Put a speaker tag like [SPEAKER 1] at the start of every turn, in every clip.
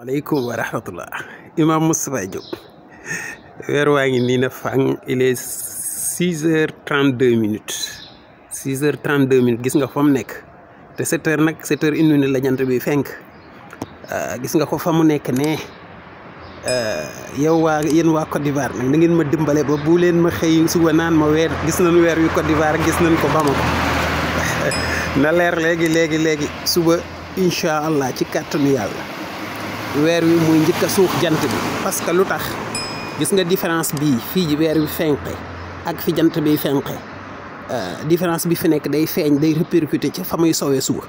[SPEAKER 1] aleykum wa rahmatullah imam Moustapha Diop wer waangi ni na fang il est 6h32 minutes 6h32 minutes gis nga fam nek te 7h nak 7h une minute la jant bi fenk euh gis nga ko famu nek ne euh yow wa yeen wa Côte d'Ivoire nak na ngeen ma dimbalé ba bu len ma xey su wa nan ma wer gis nañ wer yu Côte d'Ivoire gis nañ ko Bamako na leer léegi léegi léegi suba inshallah ci kàttanu yalla weer wi muy njëkk a suux jant bi parce que lu tax gis nga différence bi fii ji weer wi fenqe ak fi jant bi fenqe euh, différence bi fi nekk day feeñ day répercuté ci fa muy sowee suba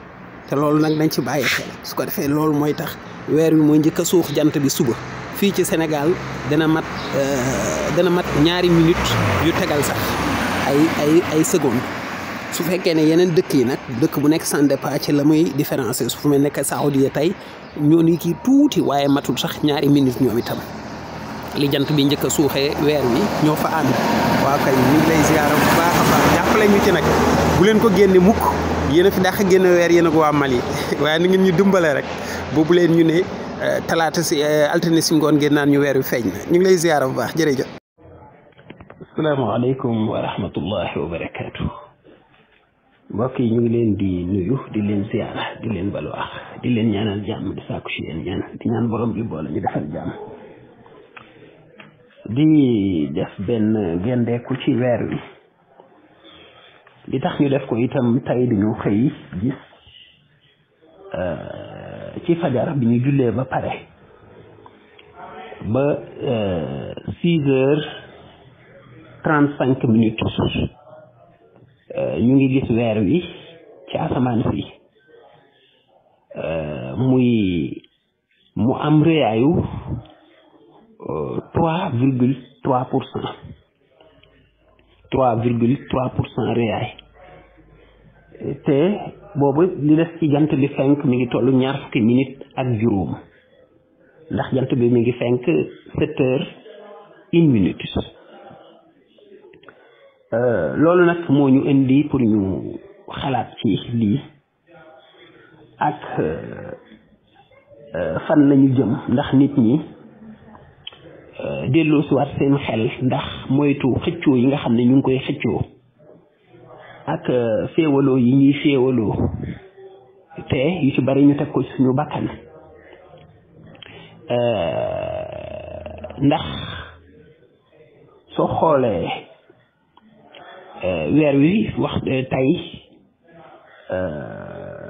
[SPEAKER 1] te loolu nag dañ ci bàyyi xel su ko defee loolu mooy tax weer wi mooy njëkk a suux jant bi suba fii ci Sénégal dana mat euh, dana mat ñaari minute yu tegal sax ay ay ay seconde su fekkee ne yeneen dëkk yi nag dëkk bu nekk sans départ ci la muy différencier su fu mel nekk Saoudia tey ñoo ni kii tuuti waaye matul sax ñaari minutes ñoom itam li jant bi njëkk a suuxee weer wi ñoo fa ànd waaw kay ñu ngi lay ziara bu baax a baax jàppale leen ko génne mukk yéen a weer yéen a ko waa waaye ni ngeen ñu dimbale rek boobu leen ñu ne eh, talaata si eh, altine si ngoon ngeen naan ñu weer wi feeñ na ñu ngi lay ziara bu baax jëre
[SPEAKER 2] asalaamaaleykum wa rahmatullahi mbokk yi ñu ngi leen di nuyu di leen ziyaara di leen balu di leen ñaanal jàmm di sàkku ci yéen ñaan di ñaan borom bi boole ñu defal jàmm di def benn gendeeku ci weer wi li tax ñu def ko itam tay dañu xëy gis euh, ci fajar bi ñu jullee ba pare ba euh, six heures trente cinq minutes Euh, ñu ngi gis weer wi ci asamaan si euh, muy mu am réyaayu euh, trois virgule trois pour cent trois virgule trois pour cent réyaay te boobu li des ci jant bi fenk mi ngi tollu ñaar fukki minute ak juróom ndax jant bi mu ngi fenk sept heures une minute Euh, loolu nag moo ñu indi pour ñu xalaat ci lii ak euh, euh, fan lañu jëm ndax nit ñi delloo si waat seen xel ndax moytu xëccoo yi nga xam ne ñu ngi koy xëccoo ak féewaloo yi ñuy féewaloo te yu ci bari ñu teg ko ci suñu bakkan ndax soo xoolee Euh, weer wi wax euh, tay euh,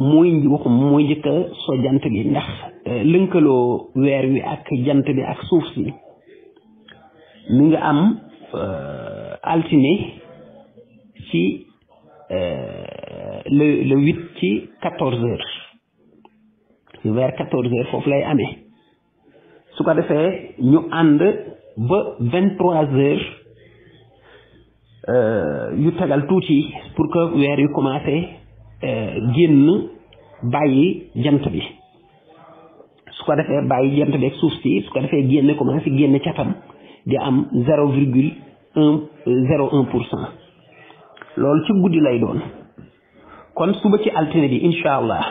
[SPEAKER 2] mooy waxum mooy njëkk a jant bi ndax lënkaloo weer wi ak jant bi ak suuf si mu ngi am altine ci le le huit ci quatorze heures vers quatorze heures foofu lay ame su ko defee ñu ànd ba vingt trois heures Euh, yu tegal tuuti pour que weer yu commencé euh, génn bàyyi jant bi su ko defee bàyyi jant bi ak suuf si su ko defee génne commencé génne catam di am zéro virgule un euh, zéro pour loolu ci guddi lay doon kon suba ci altine bi insha allah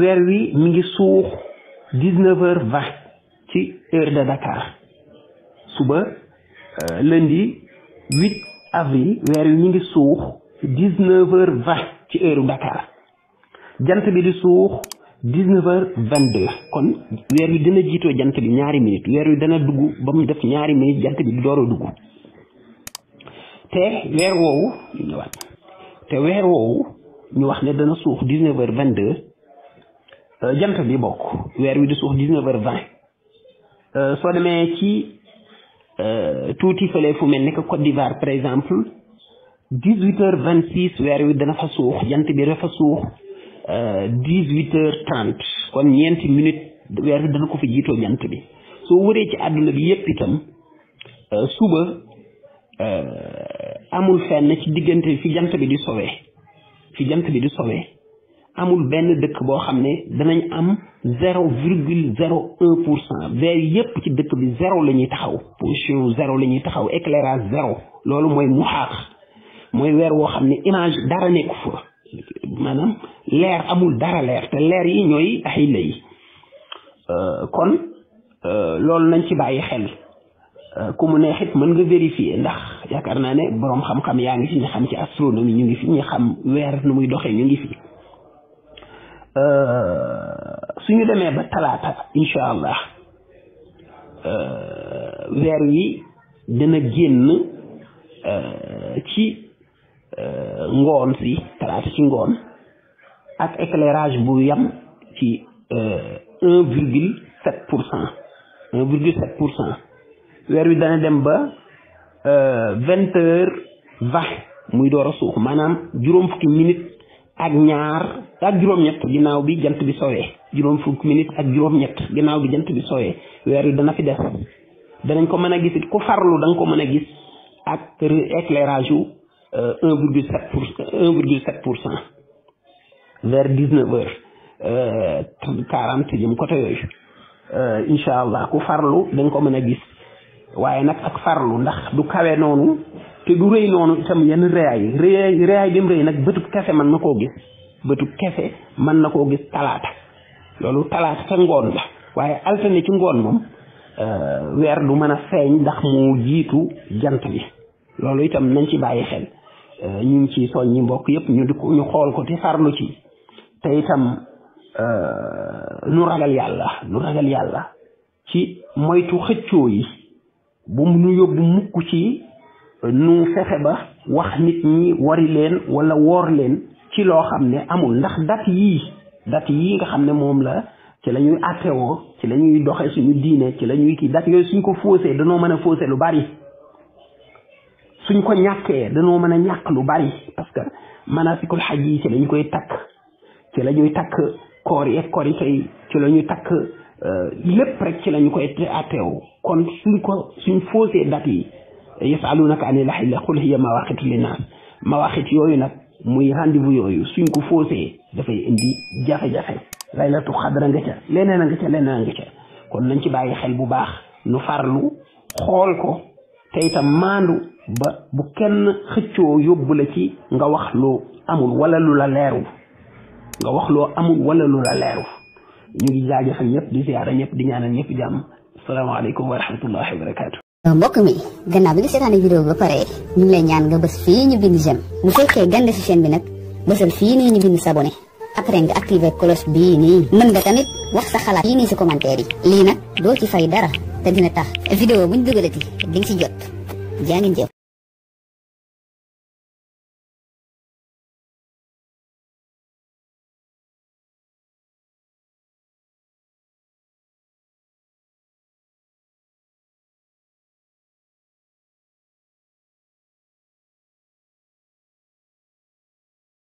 [SPEAKER 2] weer wi mi ngi suux dix-neuf heures ci heure de Dakar suba lundi 8 avril weer wi mi ngi suux 19 heures 20 ci heure Dakar jant bi di suux 19 heures 22 kon weer wi dina jiitoo jant bi ñaari minute weer wi dana dugg ba mu def ñaari minute jant bi di door a te weer woowu te weer woowu ñu wax ne dana suux 19 heures 22 euh, jant bi bokk weer wi di suux 19 heures 20 euh, soo demee ci Euh, tuuti fële fu mel ne que d'Ivoire par exemple dix-huit heures vingt-six weer wi dana fa suux jant bi dafa suux euh, dix-huit heures trente kon ñeenti minutes weer wi dana ko fi jiitoo jant bi soo wëree ci àdduna bi yépp itam euh, suba amul fenn ci diggante fi jant bi di sowee fi jant bi di sowee amul benn dëkk boo xam ne danañ am zéro virgule zéro yépp ci dëkk bi zéro la ñuy taxaw position zéro la ñuy taxaw éclairage zéro loolu mooy muxaax mooy weer woo xam ne image dara nekku fa maanaam leer amul dara leer te leer yi ñooy ahilla yi euh, kon euh, loolu nañ ci bàyyi xel euh, ku mu neexit mën nga vérifier ndax yaakaar naa ne boroom xam-xam yaa ngi fi ñu xam ci astronomie ñu ngi fi ñu xam weer nu muy doxee ñu ngi fi Euh, suñu demee ba talaata incha allah euh, weer wi dina génn euh, ci ngoon si talaata ci ngoon ak éclairage bu yam ci un virgule sept pour cent un virgule sept pour cent weer wi dana dem ba vingt heures vingt muy door a suux maanaam juróom fukki minutes ak ñaar ak juróom-ñett ginnaaw bi jant bi soowee juróom fukk minute ak juróom-ñett ginnaaw bi jant bi sowee weer wi dana fi des danañ ko mën a gis it ku farlu ko mën a gis ak éclairage yu euh, un virgule sept pour un virgule sept pour cent vers euh, côté yooyu euh, incha allah ku farlu da ko mën a gis waaye nag ak farlu ndax du kawe noonu te du rëy noonu itam yenn rëyaay yi rëyaay rëyaay bi mu rëy nag bëtub kese mën na koo gis bëtub kese mën na koo gis talaata loolu talaata ca ngoon la waaye altine ci ngoon moom euh, weer du mën a feeñ ndax mu jiitu jant bi loolu itam nañ ci bàyyi xel euh, ñu ngi ci soñ ñi mbokk yépp ñu di ko ñu xool ko te farlu ci te itam euh, nu ragal yàlla nu ragal yàlla ci moytu xëccoo yi bu mu yóbbu mukk ci nu fexe ba wax nit ñi wari leen wala woor leen ci loo xam ne amul ndax dat yi dat yi nga xam ne moom la ci lañuy ñuy ci lañuy doxe suñu diine ci lañuy ñuy kii dat yooyu suñ ko faussé danoo mën a faussé lu bari suñ ko ñàkkee danoo mën a ñàkk lu bari parce que manasikul xaj yi ci lañ koy takk ci lañuy ñuy takk koor yi koor yi tey ci lañuy ñuy takk lépp rek ci lañ koy atteew kon suñ ko suñ faussé dat yi na yasalunaka ani lahilla xul hiya mawaqitu linnaas mawaqit yooyu nag muy rendez-vous yooyu suñ ko faussé dafay indi jafe-jafe laylatu xadra nga ca leneen a nga ca leneen a nga ca kon nañ ci bàyyi xel bu baax nu farlu xool ko te itam maandu ba bu kenn xëccoo yóbbu la ci nga wax loo amul wala lu la leerul nga wax loo amul wala lu la leerul ñu ngi jaajëfal ñëpp di ziyaara ñëpp di ñaanal ñëpp jàmm asalaamaaleykum wa rahmatullahi wa barakaatu mbokk mi gannaaw bi setan video ba pare ñu lay ñaan nga bëss fi ñu bind jëm bu fekkee gande ci chaîne bi nak
[SPEAKER 1] bëssal fi ni ñu bind s'abonné après nga activer cloche bi ni mën nga tamit wax sa xalaat ni
[SPEAKER 2] ci commentaire yi lii nag doo ci fay dara te dina tax vidéo buñu dugalati di ngi ci jot jaangi ngeen jëf